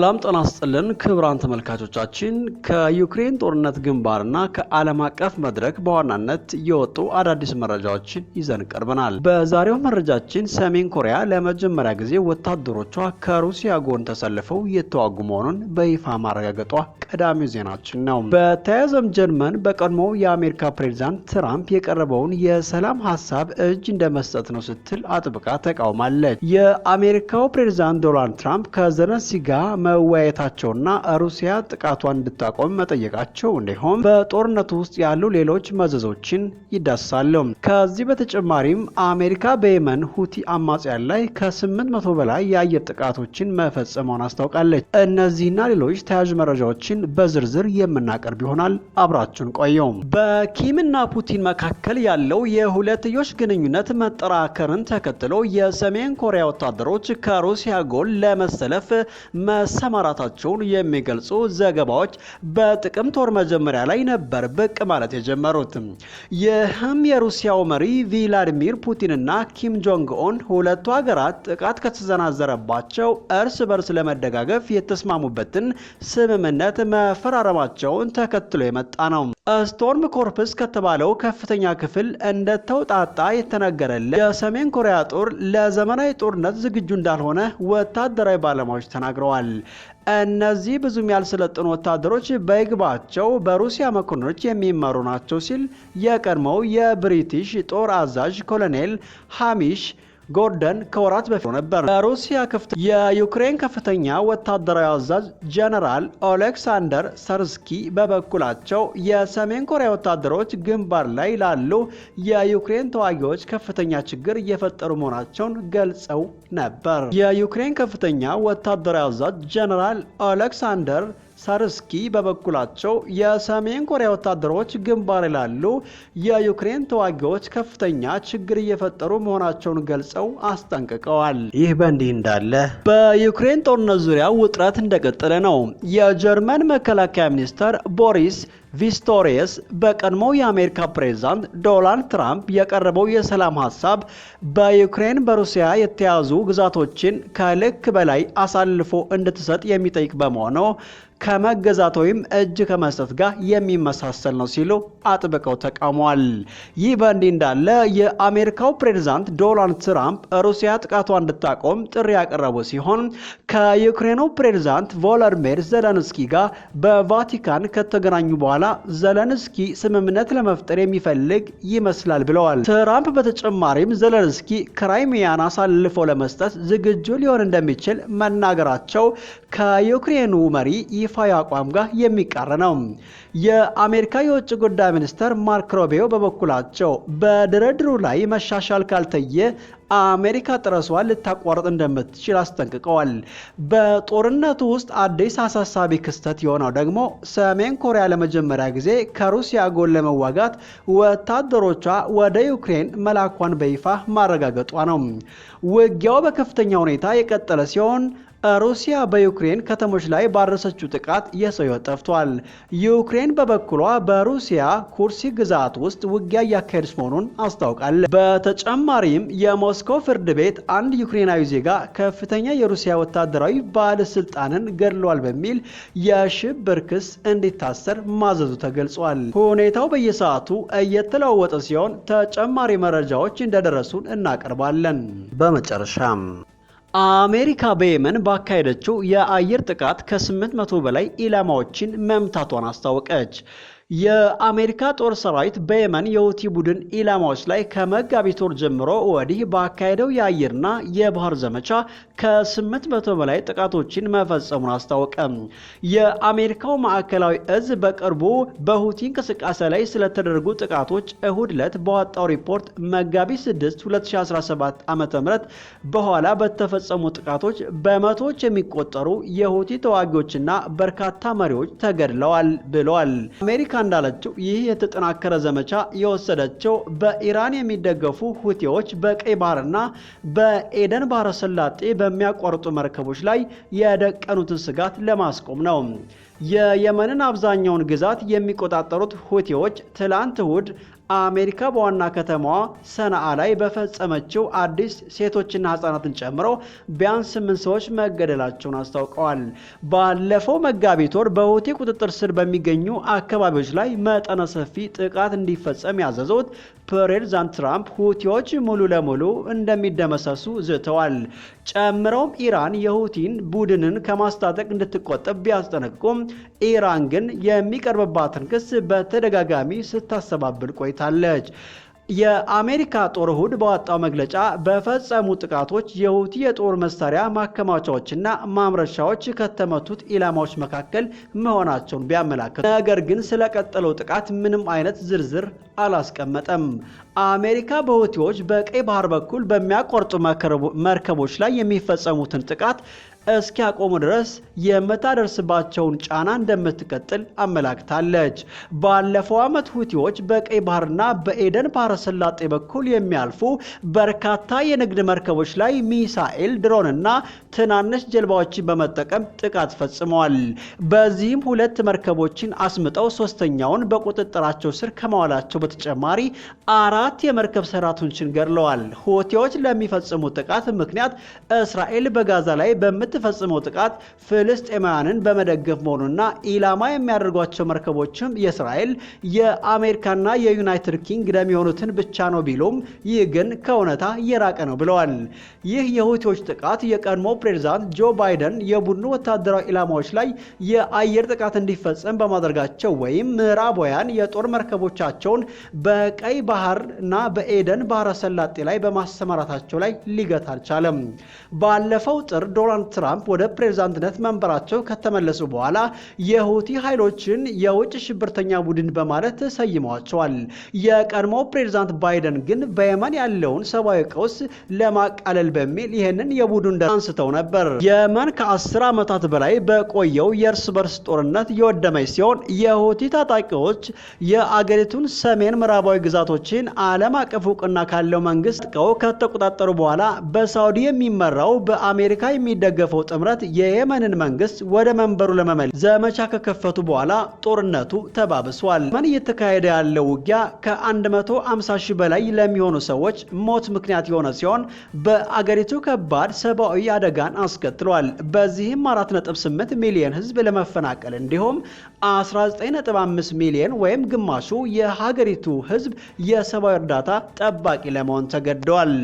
ሰላም ጤና ይስጥልን ክቡራን ተመልካቾቻችን፣ ከዩክሬን ጦርነት ግንባርና ከዓለም አቀፍ መድረክ በዋናነት የወጡ አዳዲስ መረጃዎችን ይዘን ቀርበናል። በዛሬው መረጃችን ሰሜን ኮሪያ ለመጀመሪያ ጊዜ ወታደሮቿ ከሩሲያ ጎን ተሰልፈው እየተዋጉ መሆኑን በይፋ ማረጋገጧ ቀዳሚው ዜናችን ነው። በተያያዘም ጀርመን በቀድሞው የአሜሪካ ፕሬዚዳንት ትራምፕ የቀረበውን የሰላም ሀሳብ እጅ እንደመስጠት ነው ስትል አጥብቃ ተቃውማለች። የአሜሪካው ፕሬዚዳንት ዶናልድ ትራምፕ ከዘለንስኪ ጋር መወያየታቸውና ሩሲያ ጥቃቷን እንድታቆም መጠየቃቸው እንዲሁም በጦርነቱ ውስጥ ያሉ ሌሎች መዘዞችን ይዳስሳሉ። ከዚህ በተጨማሪም አሜሪካ በየመን ሁቲ አማጽያን ላይ ከ800 በላይ የአየር ጥቃቶችን መፈጸመውን አስታውቃለች። እነዚህና ሌሎች ተያያዥ መረጃዎችን ዜናዎችን በዝርዝር የምናቀርብ ይሆናል። አብራችን ቆየውም። በኪምና ፑቲን መካከል ያለው የሁለትዮሽ ግንኙነት መጠራከርን ተከትሎ የሰሜን ኮሪያ ወታደሮች ከሩሲያ ጎን ለመሰለፍ መሰማራታቸውን የሚገልጹ ዘገባዎች በጥቅምት ወር መጀመሪያ ላይ ነበር ብቅ ማለት የጀመሩት። ይህም የሩሲያው መሪ ቪላዲሚር ፑቲንና ኪም ጆንግ ኦን ሁለቱ ሀገራት ጥቃት ከተዘናዘረባቸው እርስ በርስ ለመደጋገፍ የተስማሙበትን ስምምነት መፈራረማቸውን ተከትሎ የመጣ ነው። ስቶርም ኮርፕስ ከተባለው ከፍተኛ ክፍል እንደተውጣጣ የተነገረለት የሰሜን ኮሪያ ጦር ለዘመናዊ ጦርነት ዝግጁ እንዳልሆነ ወታደራዊ ባለሙያዎች ተናግረዋል። እነዚህ ብዙም ያልሰለጠኑ ወታደሮች በይግባቸው በሩሲያ መኮንኖች የሚመሩ ናቸው ሲል የቀድሞው የብሪቲሽ ጦር አዛዥ ኮሎኔል ሃሚሽ ጎርደን ከወራት በፊት ነበር። በሩሲያ ክፍት የዩክሬን ከፍተኛ ወታደራዊ አዛዥ ጀነራል ኦሌክሳንደር ሰርስኪ በበኩላቸው የሰሜን ኮሪያ ወታደሮች ግንባር ላይ ላሉ የዩክሬን ተዋጊዎች ከፍተኛ ችግር እየፈጠሩ መሆናቸውን ገልጸው ነበር። የዩክሬን ከፍተኛ ወታደራዊ አዛዥ ጀነራል ኦሌክሳንደር ሳርስኪ በበኩላቸው የሰሜን ኮሪያ ወታደሮች ግንባር ላሉ የዩክሬን ተዋጊዎች ከፍተኛ ችግር እየፈጠሩ መሆናቸውን ገልጸው አስጠንቅቀዋል። ይህ በእንዲህ እንዳለ በዩክሬን ጦርነት ዙሪያ ውጥረት እንደቀጠለ ነው። የጀርመን መከላከያ ሚኒስተር ቦሪስ ቪስቶሪየስ በቀድሞው የአሜሪካ ፕሬዝዳንት ዶናልድ ትራምፕ የቀረበው የሰላም ሀሳብ በዩክሬን በሩሲያ የተያዙ ግዛቶችን ከልክ በላይ አሳልፎ እንድትሰጥ የሚጠይቅ በመሆኑ ከመገዛት ወይም እጅ ከመስጠት ጋር የሚመሳሰል ነው ሲሉ አጥብቀው ተቃውመዋል። ይህ በእንዲህ እንዳለ የአሜሪካው ፕሬዚዳንት ዶናልድ ትራምፕ ሩሲያ ጥቃቷ እንድታቆም ጥሪ ያቀረቡ ሲሆን ከዩክሬኑ ፕሬዚዳንት ቮሎድሚር ዘለንስኪ ጋር በቫቲካን ከተገናኙ በኋላ ዘለንስኪ ስምምነት ለመፍጠር የሚፈልግ ይመስላል ብለዋል። ትራምፕ በተጨማሪም ዘለንስኪ ክራይሚያን አሳልፎ ለመስጠት ዝግጁ ሊሆን እንደሚችል መናገራቸው ከዩክሬኑ መሪ ይፋዊ አቋም ጋር የሚቃረ ነው። የአሜሪካ የውጭ ጉዳይ ሚኒስተር ማርክ ሮቢዮ በበኩላቸው በድርድሩ ላይ መሻሻል ካልተየ አሜሪካ ጥረሷን ልታቋርጥ እንደምትችል አስጠንቅቀዋል። በጦርነቱ ውስጥ አዲስ አሳሳቢ ክስተት የሆነው ደግሞ ሰሜን ኮሪያ ለመጀመሪያ ጊዜ ከሩሲያ ጎን ለመዋጋት ወታደሮቿ ወደ ዩክሬን መላኳን በይፋ ማረጋገጧ ነው። ውጊያው በከፍተኛ ሁኔታ የቀጠለ ሲሆን ሩሲያ በዩክሬን ከተሞች ላይ ባደረሰችው ጥቃት የሰው ሕይወት ጠፍቷል። ዩክሬን በበኩሏ በሩሲያ ኩርሲ ግዛት ውስጥ ውጊያ እያካሄደች መሆኑን አስታውቃል። በተጨማሪም የሞስኮ ፍርድ ቤት አንድ ዩክሬናዊ ዜጋ ከፍተኛ የሩሲያ ወታደራዊ ባለስልጣንን ገድሏል በሚል የሽብር ክስ እንዲታሰር ማዘዙ ተገልጿል። ሁኔታው በየሰዓቱ እየተለዋወጠ ሲሆን ተጨማሪ መረጃዎች እንደደረሱን እናቀርባለን። በመጨረሻም አሜሪካ በየመን ባካሄደችው የአየር ጥቃት ከ800 በላይ ኢላማዎችን መምታቷን አስታወቀች። የአሜሪካ ጦር ሰራዊት በየመን የውቲ ቡድን ኢላማዎች ላይ ከመጋቢት ወር ጀምሮ ወዲህ ባካሄደው የአየርና የባህር ዘመቻ ከስምንት መቶ በላይ ጥቃቶችን መፈጸሙን አስታወቀ። የአሜሪካው ማዕከላዊ እዝ በቅርቡ በሁቲ እንቅስቃሴ ላይ ስለተደረጉ ጥቃቶች እሁድ ዕለት በወጣው ሪፖርት መጋቢት 6 2017 ዓ ም በኋላ በተፈጸሙ ጥቃቶች በመቶዎች የሚቆጠሩ የሁቲ ተዋጊዎችና በርካታ መሪዎች ተገድለዋል ብለዋል። እንዳለችው ይህ የተጠናከረ ዘመቻ የወሰደችው በኢራን የሚደገፉ ሁቴዎች በቀይ ባህርና በኤደን ባህረ ሰላጤ በሚያቋርጡ መርከቦች ላይ የደቀኑትን ስጋት ለማስቆም ነው። የየመንን አብዛኛውን ግዛት የሚቆጣጠሩት ሁቴዎች ትላንት እሁድ አሜሪካ በዋና ከተማዋ ሰነአ ላይ በፈጸመችው አዲስ ሴቶችና ህጻናትን ጨምሮ ቢያንስ ስምንት ሰዎች መገደላቸውን አስታውቀዋል። ባለፈው መጋቢት ወር በሁቲ ቁጥጥር ስር በሚገኙ አካባቢዎች ላይ መጠነ ሰፊ ጥቃት እንዲፈጸም ያዘዙት ፕሬዝዳንት ትራምፕ ሁቲዎች ሙሉ ለሙሉ እንደሚደመሰሱ ዝተዋል። ጨምረውም ኢራን የሁቲን ቡድንን ከማስታጠቅ እንድትቆጠብ ቢያስጠነቅቁም ኢራን ግን የሚቀርብባትን ክስ በተደጋጋሚ ስታሰባብል ቆይታለች። የአሜሪካ ጦር እሁድ በወጣው መግለጫ በፈጸሙ ጥቃቶች የሁቲ የጦር መሳሪያ ማከማቻዎችና ማምረሻዎች ከተመቱት ኢላማዎች መካከል መሆናቸውን ቢያመላክቱ ነገር ግን ስለቀጠለው ጥቃት ምንም አይነት ዝርዝር አላስቀመጠም። አሜሪካ በሁቲዎች በቀይ ባህር በኩል በሚያቋርጡ መርከቦች ላይ የሚፈጸሙትን ጥቃት እስኪያቆሙ ድረስ የምታደርስባቸውን ጫና እንደምትቀጥል አመላክታለች። ባለፈው ዓመት ሁቲዎች በቀይ ባህርና በኤደን ባህረ ሰላጤ በኩል የሚያልፉ በርካታ የንግድ መርከቦች ላይ ሚሳኤል፣ ድሮንና ትናንሽ ጀልባዎችን በመጠቀም ጥቃት ፈጽመዋል። በዚህም ሁለት መርከቦችን አስምጠው ሶስተኛውን በቁጥጥራቸው ስር ከማዋላቸው በተጨማሪ አራት የመርከብ ሰራተኞችን ገድለዋል። ሁቲዎች ለሚፈጽሙ ጥቃት ምክንያት እስራኤል በጋዛ ላይ በምት የምትፈጽመው ጥቃት ፍልስጤማውያንን በመደገፍ መሆኑና ኢላማ የሚያደርጓቸው መርከቦችም የእስራኤል የአሜሪካና የዩናይትድ ኪንግደም የሆኑትን ብቻ ነው ቢሉም ይህ ግን ከእውነታ የራቀ ነው ብለዋል። ይህ የሁቲዎች ጥቃት የቀድሞ ፕሬዚዳንት ጆ ባይደን የቡድኑ ወታደራዊ ኢላማዎች ላይ የአየር ጥቃት እንዲፈጸም በማድረጋቸው ወይም ምዕራባውያን የጦር መርከቦቻቸውን በቀይ ባህር እና በኤደን ባህረ ሰላጤ ላይ በማሰማራታቸው ላይ ሊገት አልቻለም። ባለፈው ጥር ዶናልድ ትራምፕ ወደ ፕሬዝዳንትነት መንበራቸው ከተመለሱ በኋላ የሁቲ ኃይሎችን የውጭ ሽብርተኛ ቡድን በማለት ሰይመዋቸዋል። የቀድሞ ፕሬዝዳንት ባይደን ግን በየመን ያለውን ሰብአዊ ቀውስ ለማቃለል በሚል ይህንን የቡድን ደር አንስተው ነበር። የመን ከአስር ዓመታት በላይ በቆየው የእርስ በርስ ጦርነት የወደመች ሲሆን የሁቲ ታጣቂዎች የአገሪቱን ሰሜን ምዕራባዊ ግዛቶችን ዓለም አቀፍ እውቅና ካለው መንግስት ቀው ከተቆጣጠሩ በኋላ በሳውዲ የሚመራው በአሜሪካ የሚደገፍ ባለፈው ጥምረት የየመንን መንግስት ወደ መንበሩ ለመመለስ ዘመቻ ከከፈቱ በኋላ ጦርነቱ ተባብሷል። የመን እየተካሄደ ያለው ውጊያ ከ150 ሺህ በላይ ለሚሆኑ ሰዎች ሞት ምክንያት የሆነ ሲሆን በአገሪቱ ከባድ ሰብአዊ አደጋን አስከትሏል። በዚህም 4.8 ሚሊዮን ህዝብ ለመፈናቀል እንዲሁም 19.5 ሚሊዮን ወይም ግማሹ የሀገሪቱ ህዝብ የሰብአዊ እርዳታ ጠባቂ ለመሆን ተገደዋል።